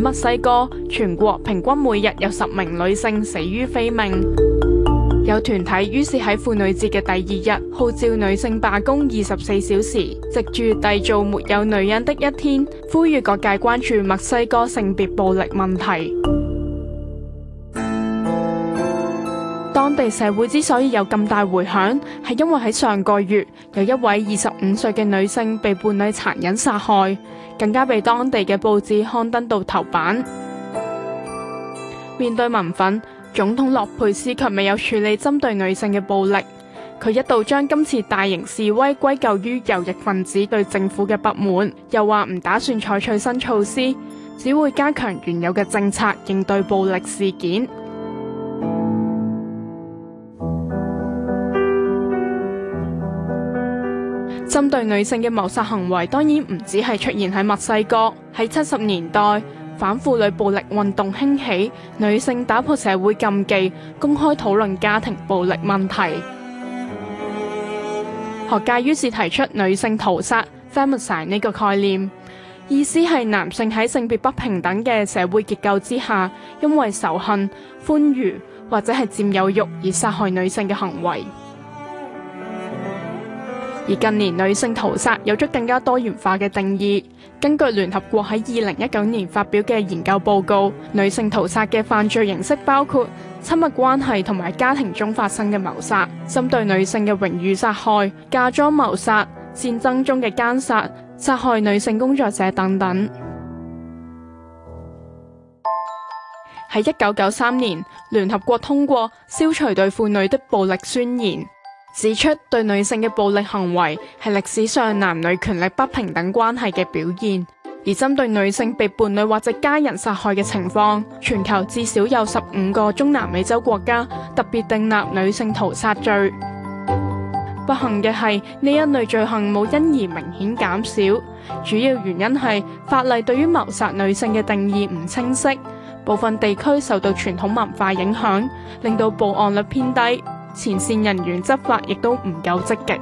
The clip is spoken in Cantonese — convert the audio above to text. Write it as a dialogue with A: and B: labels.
A: 墨西哥全國平均每日有十名女性死於非命，有團體於是喺婦女節嘅第二日號召女性罷工二十四小時，藉住締造沒有女人的一天，呼籲各界關注墨西哥性別暴力問題。當地社會之所以有咁大回響，係因為喺上個月有一位二十五歲嘅女性被伴侶殘忍殺害，更加被當地嘅報紙刊登到頭版。面對民憤，總統洛佩斯卻未有處理針對女性嘅暴力。佢一度將今次大型示威歸咎於右翼分子對政府嘅不滿，又話唔打算採取新措施，只會加強原有嘅政策應對暴力事件。針對女性嘅謀殺行為，當然唔只係出現喺墨西哥。喺七十年代，反婦女暴力運動興起，女性打破社會禁忌，公開討論家庭暴力問題。學界於是提出女性屠殺 femicide 呢個概念，意思係男性喺性別不平等嘅社會結構之下，因為仇恨、歡愉或者係佔有慾而殺害女性嘅行為。而近年女性屠殺有咗更加多元化嘅定義。根據聯合國喺二零一九年發表嘅研究報告，女性屠殺嘅犯罪形式包括親密關係同埋家庭中發生嘅謀殺、針對女性嘅榮譽殺害、嫁妝謀殺、戰爭中嘅姦殺、殺害女性工作者等等。喺一九九三年，聯合國通過消除對婦女的暴力宣言。指出，對女性嘅暴力行為係歷史上男女權力不平等關係嘅表現。而針對女性被伴侶或者家人殺害嘅情況，全球至少有十五個中南美洲國家特別訂立女性屠殺罪。不幸嘅係，呢一類罪行冇因而明顯減少，主要原因係法例對於謀殺女性嘅定義唔清晰，部分地區受到傳統文化影響，令到報案率偏低。前線人員執法亦都唔夠積極。